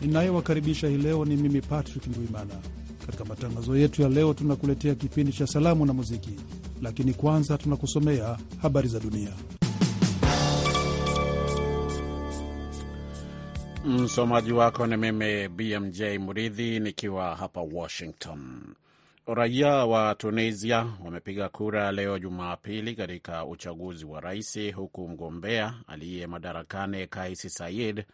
ninayewakaribisha hii leo ni mimi Patrick Ndwimana. Katika matangazo yetu ya leo, tunakuletea kipindi cha salamu na muziki, lakini kwanza tunakusomea habari za dunia. Msomaji wako ni mimi BMJ Muridhi nikiwa hapa Washington. Raia wa Tunisia wamepiga kura leo Jumapili katika uchaguzi wa rais, huku mgombea aliye madarakani Kais Saied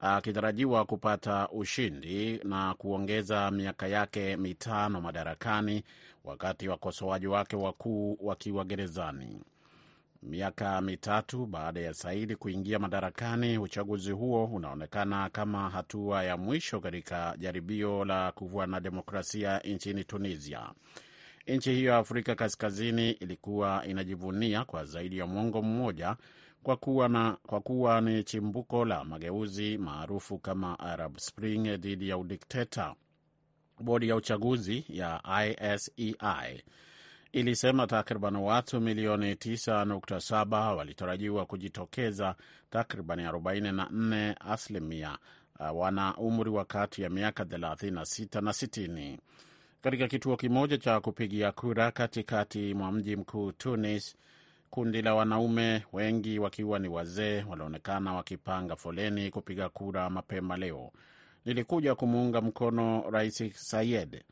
akitarajiwa kupata ushindi na kuongeza miaka yake mitano madarakani, wakati wakosoaji wake wakuu wakiwa gerezani. Miaka mitatu baada ya Saidi kuingia madarakani, uchaguzi huo unaonekana kama hatua ya mwisho katika jaribio la kuvua na demokrasia nchini Tunisia. Nchi hiyo ya Afrika Kaskazini ilikuwa inajivunia kwa zaidi ya mwongo mmoja kwa kuwa, na, kwa kuwa ni chimbuko la mageuzi maarufu kama Arab Spring dhidi ya udikteta. Bodi ya uchaguzi ya ISEI e ilisema takriban watu milioni 9.7 walitarajiwa kujitokeza, takriban 44 asilimia uh, wana umri wa kati ya miaka 36 na 60 katika kituo kimoja cha kupigia kura katikati mwa mji mkuu Tunis. Kundi la wanaume wengi wakiwa ni wazee walionekana wakipanga foleni kupiga kura mapema leo. Nilikuja kumuunga mkono Rais Sayed.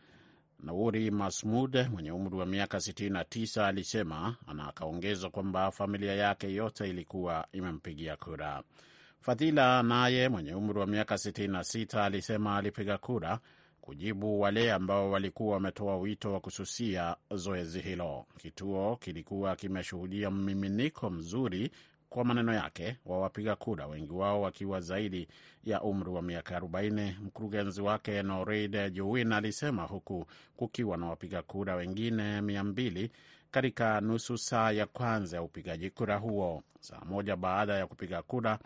Nauri Masmud mwenye umri wa miaka 69 alisema, na akaongeza kwamba familia yake yote ilikuwa imempigia kura. Fadhila naye mwenye umri wa miaka 66 alisema alipiga kura kujibu wale ambao walikuwa wametoa wito wa kususia zoezi hilo. Kituo kilikuwa kimeshuhudia mmiminiko mzuri, kwa maneno yake, wa wapiga kura, wengi wao wakiwa zaidi ya umri wa miaka 40. Mkurugenzi wake Noreid Jowin alisema huku kukiwa na wapiga kura wengine 200 katika nusu saa ya kwanza ya upigaji kura huo. Saa moja baada ya kupiga kura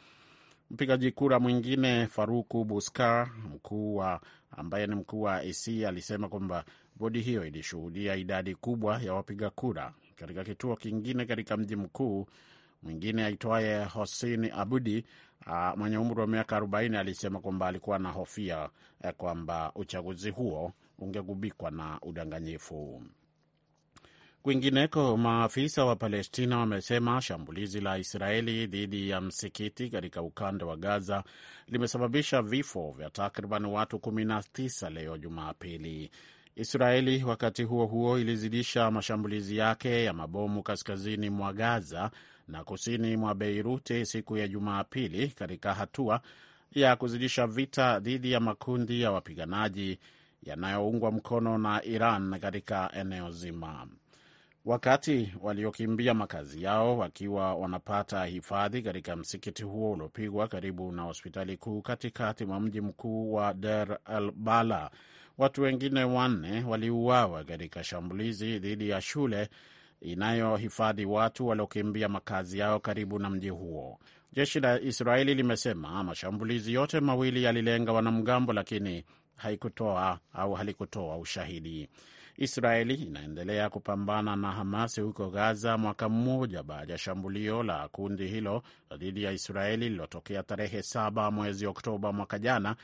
Mpigaji kura mwingine Faruku Buska, mkuu wa ambaye ni mkuu wa AC, alisema kwamba bodi hiyo ilishuhudia idadi kubwa ya wapiga kura katika kituo kingine katika mji mkuu. Mwingine aitwaye Hosin Abudi mwenye umri wa miaka 40 alisema kwamba alikuwa anahofia eh, kwamba uchaguzi huo ungegubikwa na udanganyifu. Kwingineko, maafisa wa Palestina wamesema shambulizi la Israeli dhidi ya msikiti katika ukanda wa Gaza limesababisha vifo vya takriban watu 19 leo Jumapili. Israeli wakati huo huo ilizidisha mashambulizi yake ya mabomu kaskazini mwa Gaza na kusini mwa Beiruti siku ya Jumapili katika hatua ya kuzidisha vita dhidi ya makundi ya wapiganaji yanayoungwa mkono na Iran katika eneo zima. Wakati waliokimbia makazi yao wakiwa wanapata hifadhi katika msikiti huo uliopigwa karibu na hospitali kuu katikati mwa mji mkuu wa Dar al Bala, watu wengine wanne waliuawa katika shambulizi dhidi ya shule inayohifadhi watu waliokimbia makazi yao karibu na mji huo. Jeshi la Israeli limesema mashambulizi yote mawili yalilenga wanamgambo, lakini haikutoa au halikutoa ushahidi. Israeli inaendelea kupambana na Hamasi huko Gaza, mwaka mmoja baada ya shambulio la kundi hilo dhidi ya Israeli lililotokea tarehe saba mwezi Oktoba mwaka jana,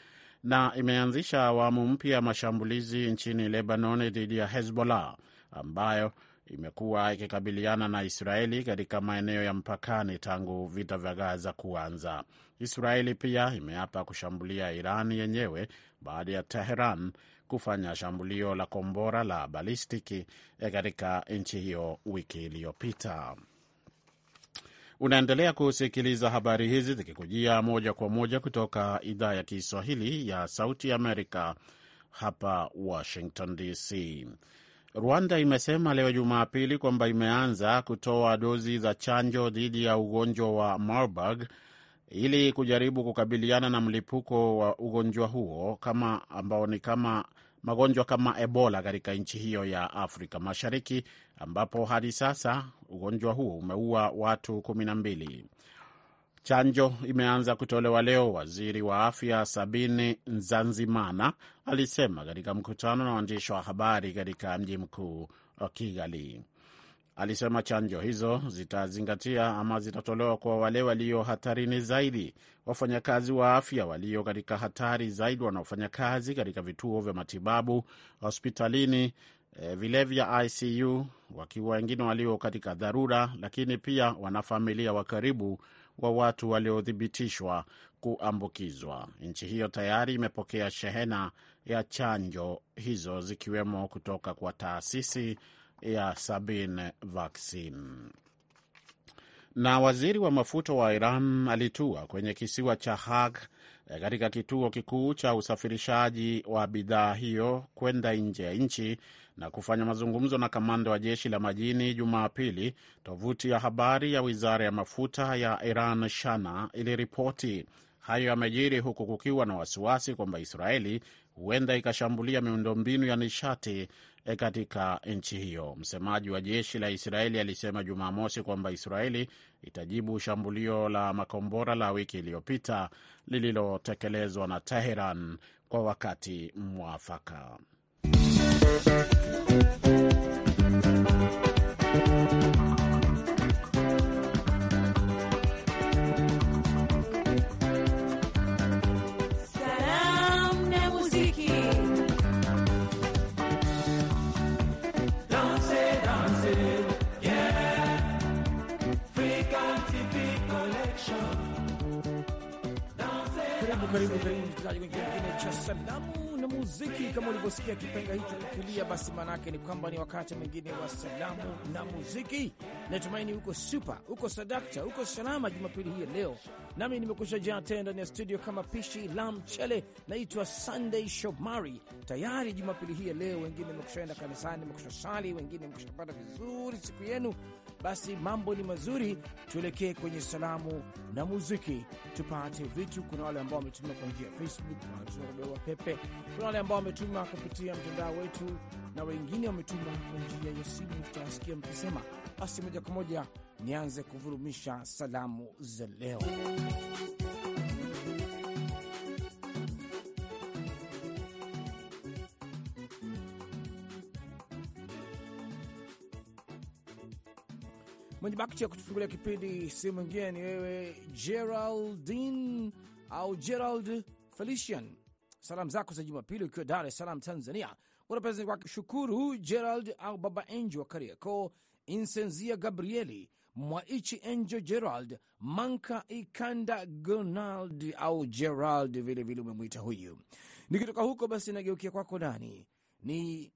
na imeanzisha awamu mpya ya mashambulizi nchini Lebanon dhidi ya Hezbollah ambayo imekuwa ikikabiliana na Israeli katika maeneo ya mpakani tangu vita vya Gaza kuanza. Israeli pia imeapa kushambulia Irani yenyewe baada ya Teheran kufanya shambulio la kombora la balistiki e, katika nchi hiyo wiki iliyopita. Unaendelea kusikiliza habari hizi zikikujia moja kwa moja kutoka idhaa ya Kiswahili ya Sauti Amerika hapa Washington DC. Rwanda imesema leo Jumapili kwamba imeanza kutoa dozi za chanjo dhidi ya ugonjwa wa Marburg ili kujaribu kukabiliana na mlipuko wa ugonjwa huo kama ambao ni kama magonjwa kama Ebola katika nchi hiyo ya Afrika Mashariki, ambapo hadi sasa ugonjwa huo umeua watu kumi na mbili. Chanjo imeanza kutolewa leo, waziri wa afya Sabini Nzanzimana alisema katika mkutano na waandishi wa habari katika mji mkuu wa Kigali. Alisema chanjo hizo zitazingatia ama zitatolewa kwa wale walio hatarini zaidi, wafanyakazi wa afya walio katika hatari zaidi, wanaofanya kazi katika vituo vya matibabu hospitalini, e, vile vya ICU, wakiwa wengine walio katika dharura, lakini pia wanafamilia wa karibu wa watu waliothibitishwa kuambukizwa. Nchi hiyo tayari imepokea shehena ya chanjo hizo zikiwemo kutoka kwa taasisi ya Sabin vaccine. Na waziri wa mafuta wa Iran alitua kwenye kisiwa cha Hag eh, katika kituo kikuu cha usafirishaji wa bidhaa hiyo kwenda nje ya nchi na kufanya mazungumzo na kamanda wa jeshi la majini Jumapili, tovuti ya habari ya wizara ya mafuta ya Iran Shana iliripoti. Hayo yamejiri huku kukiwa na wasiwasi kwamba Israeli huenda ikashambulia miundombinu ya nishati e katika nchi hiyo. Msemaji wa jeshi la Israeli alisema Jumamosi kwamba Israeli itajibu shambulio la makombora la wiki iliyopita lililotekelezwa na Teheran kwa wakati mwafaka. karibu karibu msikilizaji kwenye kingine cha salamu na muziki. Kama ulivyosikia kipenga hicho kukilia, basi yake ni kwamba ni wakati mwingine wa salamu na muziki. Natumaini huko supa, huko sadakta, huko salama jumapili hii ya leo, nami nimekusha jaa tena ndani ya studio kama pishi la mchele. Naitwa Sunday Shomari, tayari jumapili hii leo. Wengine mekushaenda kanisani, mekusha sali, wengine mekushapata vizuri siku yenu, basi mambo ni mazuri, tuelekee kwenye salamu na muziki, tupate vitu. Kuna wale ambao wametuma kwa njia ya Facebook, kuna barua pepe, kuna wale ambao wametuma kupitia mtandao wetu, na wengine wametuma kwa njia ya simu, tutawasikia mkisema. Basi moja kwa moja nianze kuvurumisha salamu za leo. Mwenye bakti ya kutufungulia kipindi si mwingine ni wewe Geraldin au Gerald Felician. Salamu zako za Jumapili ukiwa Dar es Salaam, Tanzania, unapeza kwa shukuru Gerald au Baba Enjo wa Kariakoo, Insenzia Gabrieli Mwaichi, Enjo Gerald Manka, Ikanda Gonald au Gerald vilevile umemwita huyu. Nikitoka huko basi nageukia kwako, ndani ni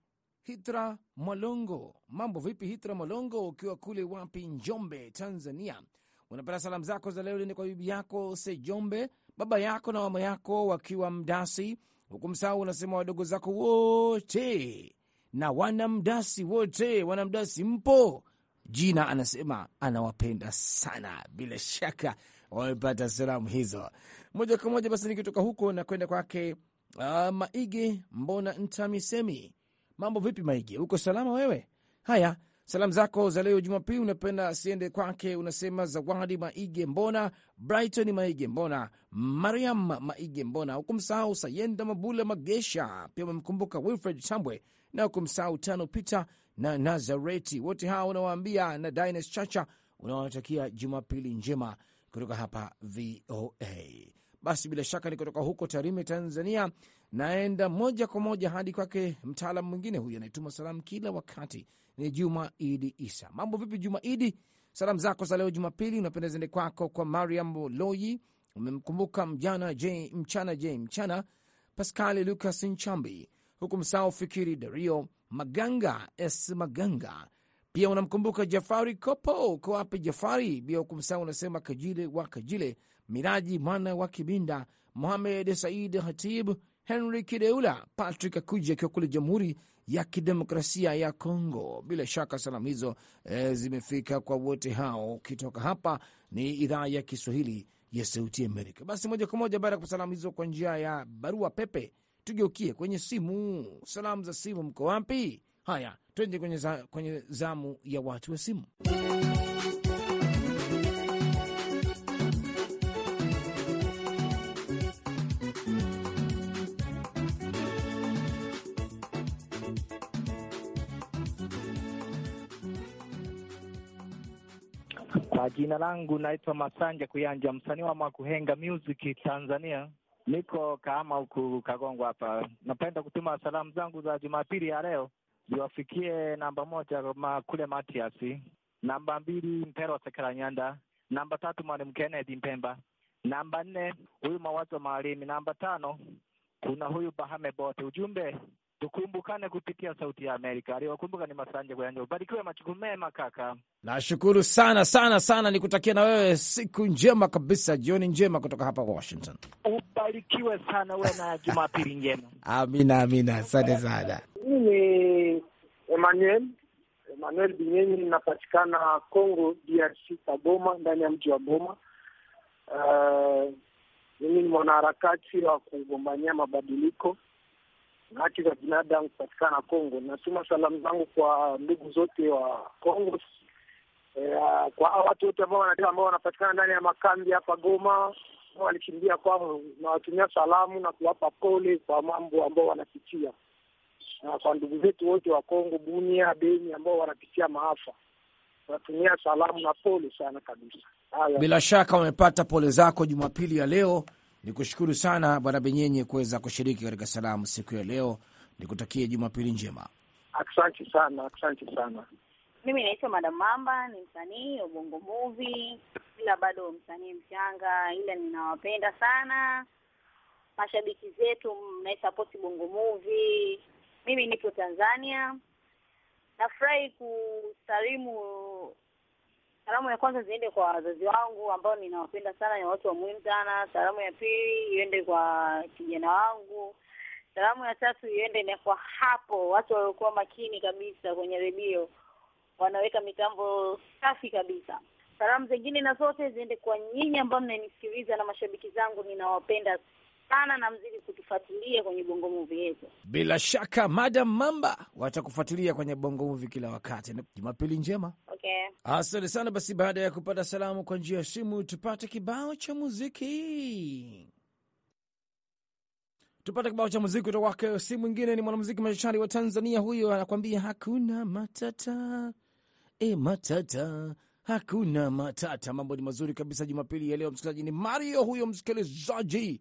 Hitra Mwalongo, mambo vipi Hitra Mwalongo, ukiwa kule wapi, Njombe, Tanzania, Unapenda salamu zako za leo ni kwa bibi yako Sejombe, baba yako na mama yako wakiwa Mdasi huku msahau, unasema wadogo zako wote na wanamdasi wote, wanamdasi mpo. Jina anasema anawapenda sana, bila shaka wamepata salamu hizo moja kwa moja. Basi nikitoka huko na kwenda kwake uh, Maige Mbona Ntamisemi Mambo vipi, Maige? Uko salama wewe? Haya, salamu zako za leo Jumapili unapenda asiende kwake, unasema Zawadi Maige Mbona, Brighton Maige Mbona, Mariam Maige Mbona, hukumsahau Sayenda Mabula Magesha, pia umemkumbuka Wilfred Tambwe na hukumsahau Tano Peter na Nazareti. Wote hawa unawaambia na Dines Chacha unawatakia Jumapili njema kutoka hapa VOA. Basi bila shaka ni kutoka huko Tarime, Tanzania. Naenda moja kwa moja hadi kwake mtaalamu mwingine huyu anaituma salamu kila wakati, ni Juma Idi Isa. Mambo vipi, Juma Idi? Salamu zako za leo Jumapili unapenda zende kwako kwa Mariam Loyi, umemkumbuka mjana J mchana J mchana, Paskali lucas Nchambi, huku msao Fikiri Dario Maganga S Maganga, pia unamkumbuka Jafari Kopo. Uko wapi Jafari? bia huku msao unasema Kajile wa Kajile, Miraji mwana wa Kibinda, Mohamed Said Hatib Henry Kideula, Patrick akuji akiwa kule Jamhuri ya Kidemokrasia ya Kongo. Bila shaka salamu hizo e, zimefika kwa wote hao. Ukitoka hapa ni idhaa ya Kiswahili ya Sauti Amerika. Basi moja kwa moja baada ya salamu hizo kwa njia ya barua pepe, tugeukie kwenye simu. Salamu za simu, mko wapi? Haya, twende kwenye, za, kwenye zamu ya watu wa simu Jina langu naitwa Masanja Kuyanja, msanii wa Mwakuhenga Music Tanzania. Niko Kahama huku Kagongwa hapa. Napenda kutuma salamu zangu za Jumapili ya leo ziwafikie namba moja ma kule Matiasi, namba mbili Mpero Sekeranyanda, namba tatu Mwalimu Kennedy Mpemba, namba nne huyu Mawazo Maalimi, namba tano kuna huyu Bahame Bote. Ujumbe tukumbukane kupitia Sauti ya Amerika. Aliwakumbuka ni Masanja Kuyanja. Ubarikiwe machuku mema kaka. Nashukuru sana sana sana, nikutakia na wewe siku njema kabisa, jioni njema kutoka hapa Washington. Ubarikiwe sana, uwe na jumapili njema. Amina, amina, asante sana. Mimi ni Emmanuel Emmanuel Binyenyi, ninapatikana Congo DRC, Kagoma, ndani ya mji wa Goma. Uh, mimi uh, ni mwanaharakati wa kugombania mabadiliko haki za binadamu kupatikana Kongo. Natuma salamu zangu kwa ndugu zote wa Kongo, eh, kwa hawa watu wote ambao ambao wanapatikana ndani ya makambi hapa Goma walikimbia kwao, nawatumia salamu na kuwapa pole kwa mambo ambao wanapitia, na kwa ndugu zetu wote wa Kongo, Bunia, Beni ambao wanapitia maafa natumia salamu na pole sana kabisa. Haya, bila shaka wamepata pole zako Jumapili ya leo. Ni kushukuru sana Bwana Benyenye kuweza kushiriki katika salamu siku ya leo. Ni kutakia Jumapili njema. Asante sana, asante sana. Mimi naitwa Madam Mamba, ni msanii wa Bongo Movie, ila bado msanii mchanga, ila ninawapenda sana mashabiki zetu mnaesapoti Bongo Movie. Mimi nipo Tanzania, nafurahi kusalimu Salamu ya kwanza ziende kwa wazazi wangu ambao ninawapenda sana, ni watu wa muhimu sana. Salamu ya pili iende kwa kijana wangu. Salamu ya tatu iende na kwa hapo watu waliokuwa makini kabisa kwenye redio, wanaweka mitambo safi kabisa. Salamu zingine na zote ziende kwa nyinyi ambao mnanisikiliza na mashabiki zangu, ninawapenda sana na mzidi kutufuatilia kwenye Bongo Movie yetu. Bila shaka Madam Mamba watakufuatilia kwenye Bongo Movie kila wakati. Jumapili njema. Okay. Asante sana basi, baada ya kupata salamu kwa njia ya simu, tupate kibao cha muziki tupate kibao cha muziki kutoka kwake. Si mwingine ni mwanamuziki machachari wa Tanzania, huyo anakwambia hakuna matata. E, matata hakuna matata. Mambo ni mazuri kabisa jumapili ya leo, msikilizaji. Ni Mario huyo msikilizaji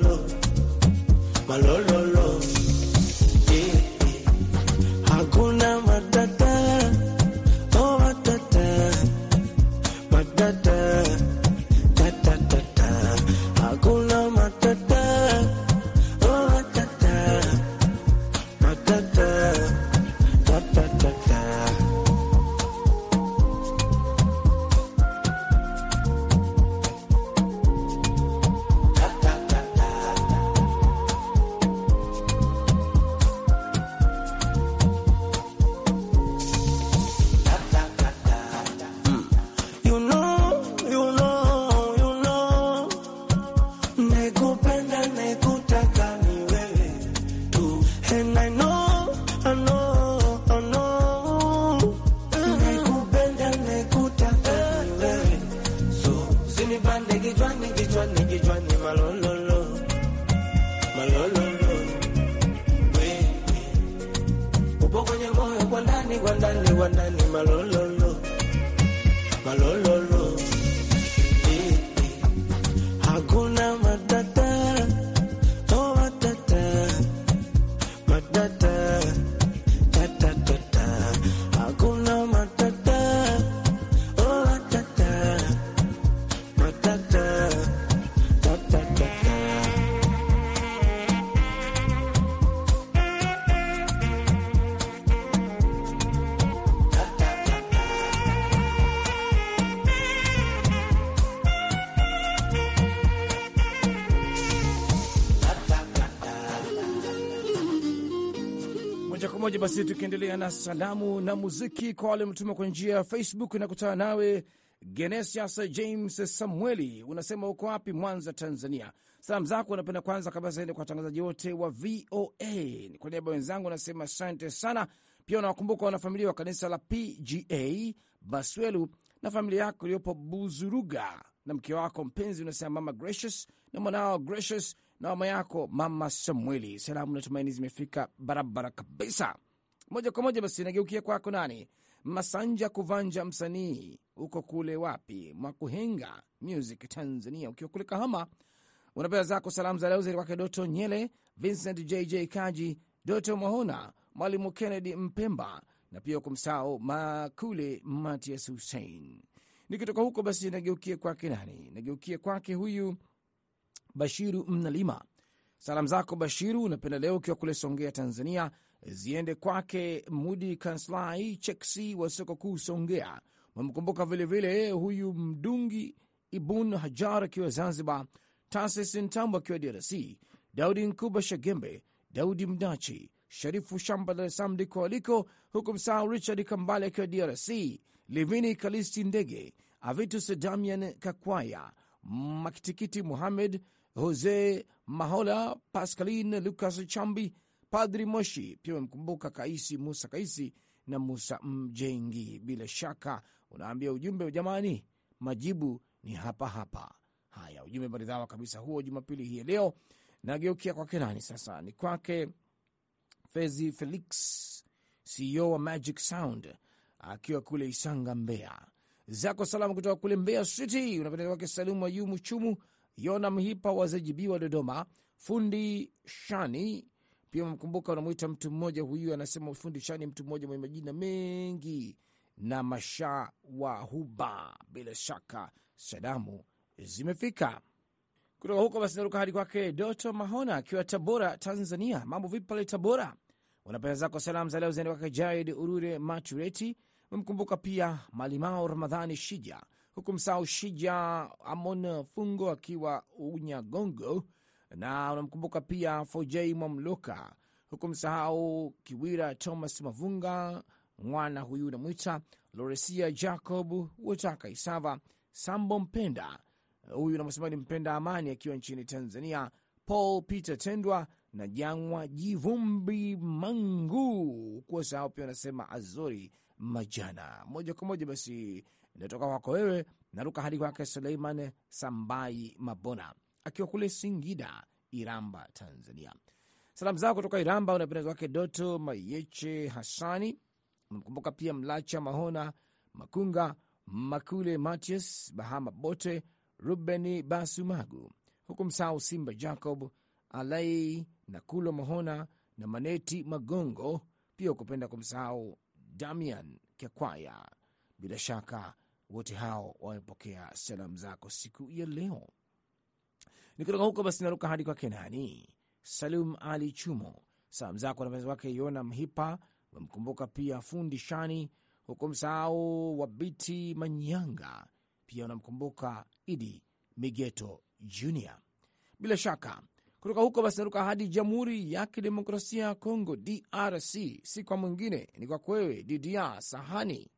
malololo yeah. Eh. Hakuna matata oh matata matata wandani wandani malololo malolo basi tukiendelea na salamu na muziki kwa wale mtuma kwa njia ya Facebook inakutana nawe Genesias James Samueli, unasema uko wapi? Mwanza, Tanzania. Salamu zako unapenda kwanza kabisa ende kwa watangazaji wote wa VOA. Kwa niaba wenzangu anasema asante sana. Pia unawakumbuka wanafamilia wa kanisa la PGA Baswelu na familia yako iliyopo Buzuruga na mke wako mpenzi, unasema mama Gracious na mwanao Gracious na mama yako mama Samueli. Salamu natumaini zimefika barabara kabisa. Moja kwa moja basi nageukia kwako nani Masanja Kuvanja, msanii uko kule wapi, Mwakuhenga Music Tanzania, ukiwa kule Kahama, unapewa zako salamu za leo kwake Doto Nyele, Vincent JJ Kaji, Doto mwahona Mwalimu Kennedy Mpemba na pia kumsao Makule Matias Hussein. Nikitoka huko basi nageukie kwake nani, nageukie kwake huyu Bashiru Mnalima. Salamu zako Bashiru unapenda leo ukiwa kule Songea, Tanzania ziende kwake Mudi Kanslai Cheksi wa soko kuu Songea. Wamkumbuka vilevile huyu Mdungi Ibun Hajar akiwa Zanzibar, Tasis Ntambo akiwa DRC, Daudi Nkuba Shagembe, Daudi Mdachi, Sharifu Shamba Dar es Salaam ndiko aliko, huku msahau Richard Kambale akiwa DRC, Livini Kalisti Ndege, Avitus Damian Kakwaya, Makitikiti Muhamed, Jose Mahola, Pascaline Lucas Chambi Padri Moshi pia amemkumbuka Kaisi Musa Kaisi na Musa Mjengi. Bila shaka unaambia ujumbe, jamani, majibu ni hapa hapa. Haya, ujumbe maridhawa kabisa huo, Jumapili hii ya leo. Nageukia kwake nani sasa? Ni kwake Fezi Felix, CEO wa Magic Sound, akiwa kule Isanga, Mbeya. Zako salamu kutoka kule Mbeya City, unapenda kwake Salumu wa Chumu, Yona Mhipa wazajibiwa Dodoma, fundi Shani pia mkumbuka, unamwita mtu mmoja huyu, anasema ufundi chani, mtu mmoja mwenye majina mengi na masha wa huba. Bila shaka salamu zimefika kutoka huko. Basi naruka hadi kwake Doto Mahona akiwa Tabora, Tanzania. Mambo vipi pale Tabora? Unapenda zako salamu za leo ziende kwake Jared Urure Matureti, umemkumbuka pia Malimao Ramadhani Shija, huku msahau Shija Amon Fungo akiwa Unyagongo na unamkumbuka pia Foj Mwamloka, huku msahau Kiwira Thomas Mavunga, mwana huyu unamwita Loresia Jacob Wetaka Isava, Sambo Mpenda, huyu namsema ni Mpenda Amani akiwa nchini Tanzania, Paul Peter Tendwa na Jangwa Jivumbi Mangu, kuwa sahau pia wanasema Azori Majana. Moja kwa moja basi natoka kwako wewe, naruka hadi kwake Suleiman Sambai Mabona akiwa kule Singida, Iramba, Tanzania. Salamu zao kutoka Iramba unapendeza wake Doto Mayeche Hasani, amemkumbuka pia Mlacha Mahona Makunga Makule Matius Bahama Bote Rubeni Basumagu, huku msahau Simba Jacob Alai nakulo Mahona na Maneti Magongo, pia ukupenda kumsahau Damian Kekwaya. Bila shaka wote hao wamepokea salamu zako siku ya leo kutoka huko basi naruka hadi kwake nani, Salum Ali Chumo. Salamu zako na mpenzi wake Yona Mhipa wamkumbuka pia fundi Shani huku msahau Wabiti Manyanga, pia unamkumbuka Idi Migeto junior Bila shaka kutoka huko basi naruka hadi Jamhuri ya Kidemokrasia ya Kongo, DRC. Si kwa mwingine ni kwa kwewe Didia Sahani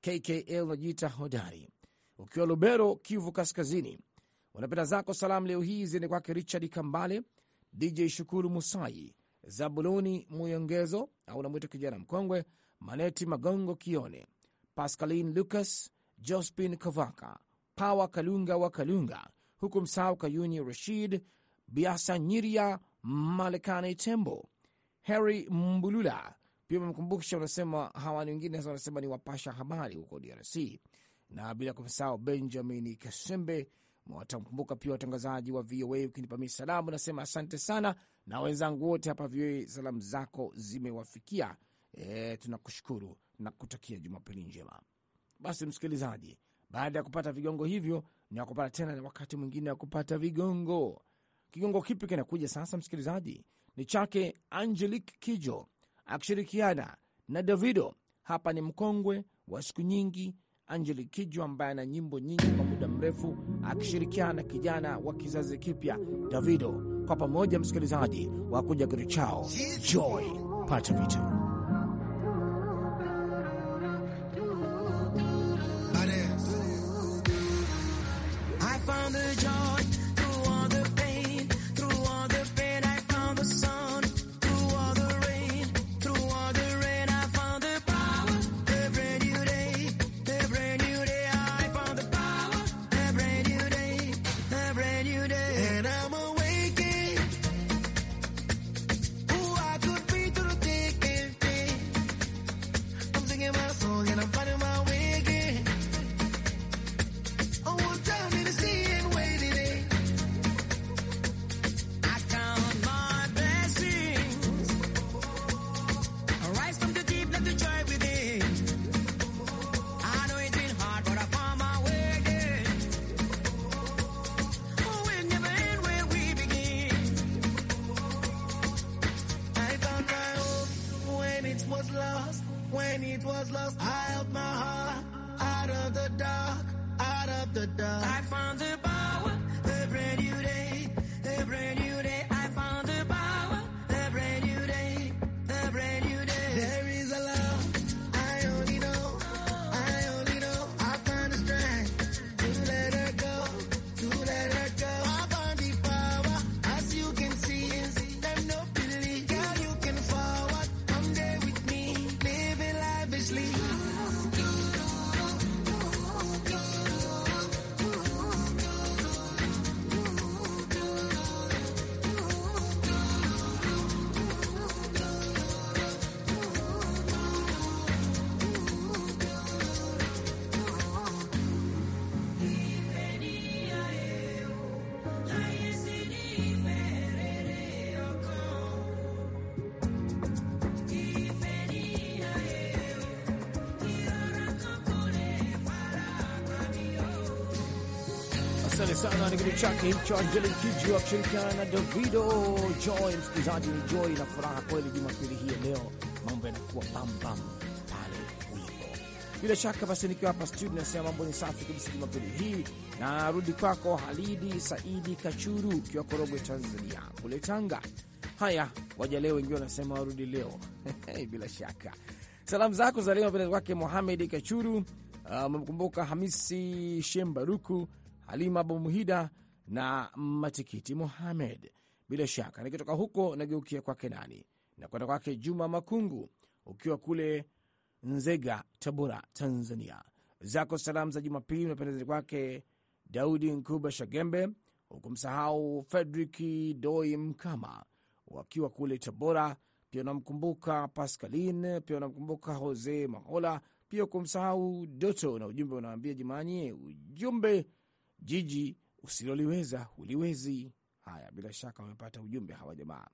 KKL najiita hodari, ukiwa Lubero, Kivu Kaskazini. Unapenda zako salamu leo hii ziende kwake Richard Kambale, DJ Shukuru Musai, Zabuloni Muyongezo au namwita kijana mkongwe, Maneti Magongo Kione, Pascaline Lucas, Jospin Kavaka, Pawa Kalunga wa Kalunga, huku msahau Kayuni Rashid, Biasa Nyiria, Malekane Tembo, Harry Mbulula. Pia umemkumbukisha, unasema hawa ni wengine sasa, wanasema ni wapasha habari huko DRC, na bila kumsahau Benjamin Kasembe Mwatamkumbuka pia watangazaji wa VOA ukinipa mi salamu, nasema asante sana, na wenzangu wote hapa VOA salamu zako zimewafikia. E, tunakushukuru na kutakia Jumapili njema. Basi msikilizaji, baada ya kupata vigongo hivyo ni wakupata tena na wakati mwingine wa kupata vigongo. Kigongo kipi kinakuja sasa, msikilizaji? Ni chake Angelique Kijo akishirikiana na Davido. Hapa ni mkongwe wa siku nyingi Angelique Kijo ambaye ana nyimbo nyingi kwa muda mrefu akishirikiana na kijana wa kizazi kipya Davido. Kwa pamoja, msikilizaji wa kuja kitu chao Joy vitu was lost. I held my heart out of the dark, out of the dark. I sana ni kitu chake hicho Angeli Kidjo wakishirikiana na Davido Joy. Msikilizaji ni Joy na furaha kweli, Jumapili hii leo mambo yanakuwa bam bam pale ulipo. Bila shaka basi, nikiwa hapa studio nasema mambo ni safi kabisa Jumapili hii. Narudi kwako Halidi Saidi Kachuru ukiwa Korogwe, Tanzania kule Tanga. Haya, waja leo wengi wanasema warudi leo bila shaka salamu zako za leo wapendezi wake Mohamed Kachuru amemkumbuka uh, Hamisi Shembaruku Halima Abumuhida na Matikiti muhamed Bila shaka nikitoka huko nageukia kwake nani nakwenda kwake Juma Makungu, ukiwa kule Nzega, Tabora, Tanzania. Zako salamu za Jumapili unapendezani kwake Daudi Nkuba Shagembe, hukumsahau Fredriki Doi Mkama wakiwa kule Tabora. Pia unamkumbuka Pascalin, pia unamkumbuka Jose Mahola, pia kumsahau Doto, na ujumbe unawambia jumanye, ujumbe jiji usiloliweza huliwezi. Haya, bila shaka wamepata ujumbe hawa jamaa.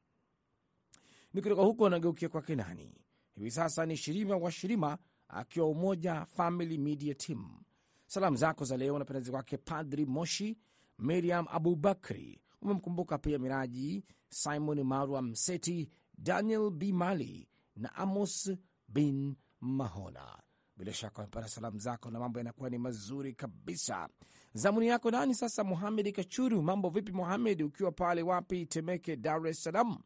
kutoka huko wanageukia kwa Kenani. Hivi sasa ni Shirima wa Shirima akiwa Umoja Family Media Team. Salamu zako za leo napendezi kwake Padri Moshi Miriam Abubakri, umemkumbuka pia Miraji Simon Marwa Mseti, Daniel B Mali na Amos bin Mahona. Bila shaka wamepata salamu zako na mambo yanakuwa ni mazuri kabisa. Zamuni yako nani sasa, Muhamed Kachuru. Mambo vipi Muhamed, ukiwa pale wapi? Temeke, Dar es Salaam.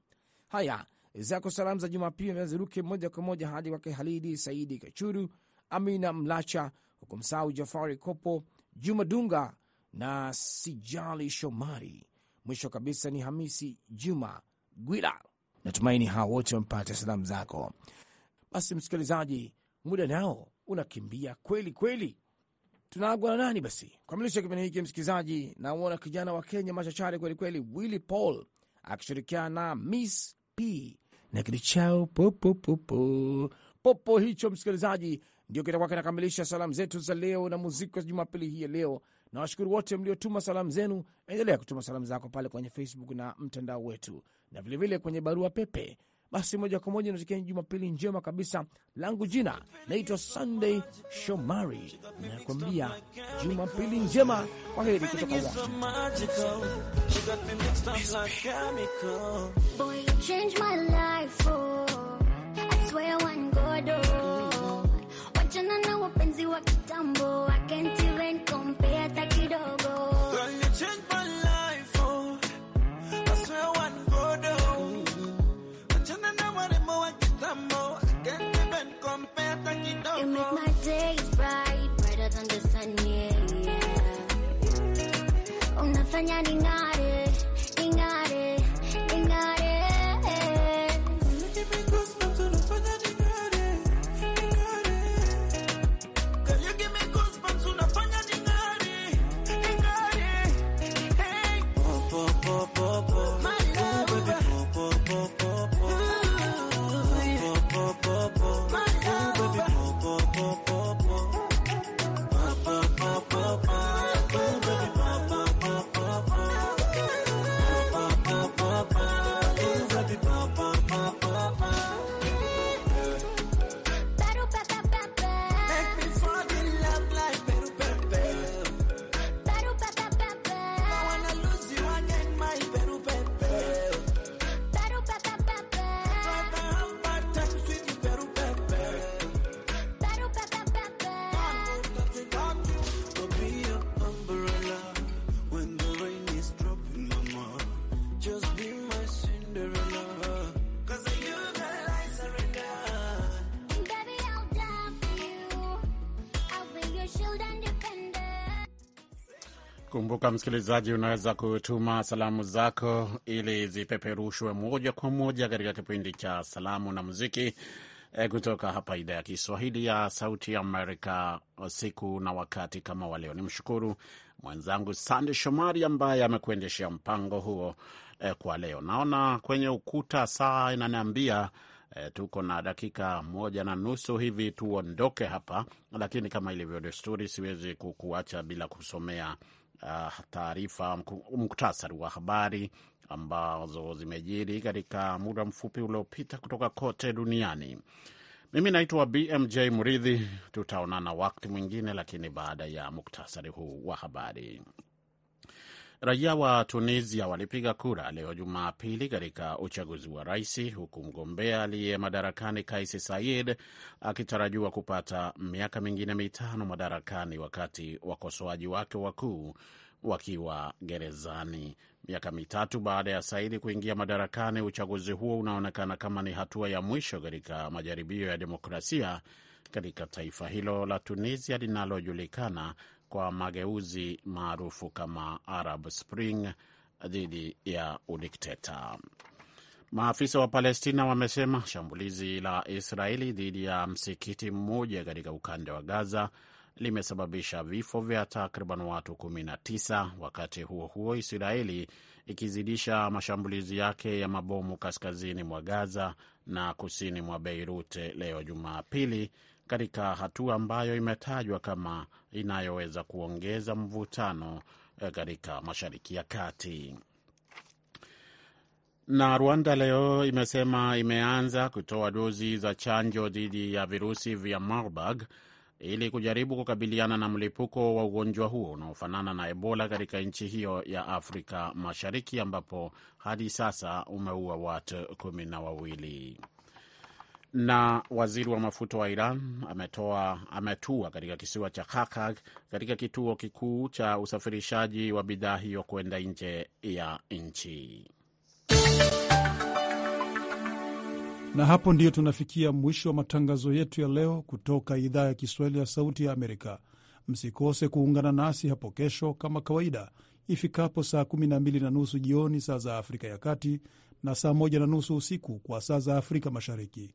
Haya, zako salamu za Jumapili naziruke moja kwa moja hadi wake Halidi Saidi Kachuru, Amina Mlacha, huku msahau Jafari Kopo, Juma Dunga na Sijali Shomari. Mwisho kabisa ni Hamisi Juma Gwila. Natumaini hawa wote wamepata salamu zako. Basi msikilizaji, muda nao unakimbia kweli kweli tunaagwa na nani basi kukamilisha kipindi hiki msikilizaji? Namwona kijana wa Kenya machachari kwelikweli, willi Paul akishirikiana na Miss P na kitu chao popo popo popo. Hicho msikilizaji, ndio kitakuwa kinakamilisha salamu zetu za leo na muziki wa jumapili hii ya leo. Na washukuru wote mliotuma salamu zenu. Endelea kutuma salamu zako pale kwenye Facebook na mtandao wetu, na vilevile vile kwenye barua pepe basi moja kwa moja natokea Jumapili njema kabisa. Langu jina naitwa Sunday Shomari, nakuambia Jumapili njema, kwa heri kutoka Washington. 그래서냐 네 나를 네 나를 네 나를 My love. hapa, msikilizaji, unaweza kutuma salamu zako ili zipeperushwe moja kwa moja katika kipindi cha salamu na muziki e, kutoka hapa idhaa ya Kiswahili ya Sauti ya Amerika, siku na wakati kama waleo. Ni mshukuru mwenzangu Sande Shomari ambaye amekuendeshea mpango huo e, kwa leo. Naona kwenye ukuta saa inaniambia E, tuko na dakika moja na nusu hivi tuondoke hapa, lakini kama ilivyo desturi, siwezi kukuacha bila kusomea uh, taarifa muktasari wa habari ambazo zimejiri katika muda mfupi uliopita kutoka kote duniani. Mimi naitwa BMJ Muridhi, tutaonana wakati mwingine, lakini baada ya muktasari huu wa habari. Raia wa Tunisia walipiga kura leo Jumapili katika uchaguzi wa rais, huku mgombea aliye madarakani Kais Saied akitarajiwa kupata miaka mingine mitano madarakani, wakati wakosoaji wake wakuu wakiwa gerezani. Miaka mitatu baada ya Saidi kuingia madarakani, uchaguzi huo unaonekana kama ni hatua ya mwisho katika majaribio ya demokrasia katika taifa hilo la Tunisia linalojulikana kwa mageuzi maarufu kama Arab Spring dhidi ya udikteta. Maafisa wa Palestina wamesema shambulizi la Israeli dhidi ya msikiti mmoja katika ukanda wa Gaza limesababisha vifo vya takriban watu 19. Wakati huo huo, Israeli ikizidisha mashambulizi yake ya mabomu kaskazini mwa Gaza na kusini mwa Beirut leo Jumapili katika hatua ambayo imetajwa kama inayoweza kuongeza mvutano eh, katika Mashariki ya Kati. Na Rwanda leo imesema imeanza kutoa dozi za chanjo dhidi ya virusi vya Marburg ili kujaribu kukabiliana na mlipuko wa ugonjwa huo unaofanana na Ebola katika nchi hiyo ya Afrika Mashariki ambapo hadi sasa umeua watu kumi na wawili. Na waziri wa mafuta wa Iran ametoa, ametua katika kisiwa cha hakag katika kituo kikuu cha usafirishaji wa bidhaa hiyo kwenda nje ya nchi. Na hapo ndiyo tunafikia mwisho wa matangazo yetu ya leo kutoka idhaa ya Kiswahili ya Sauti ya Amerika. Msikose kuungana nasi hapo kesho kama kawaida ifikapo saa 12 na nusu jioni saa za Afrika ya Kati na saa 1 na nusu usiku kwa saa za Afrika Mashariki.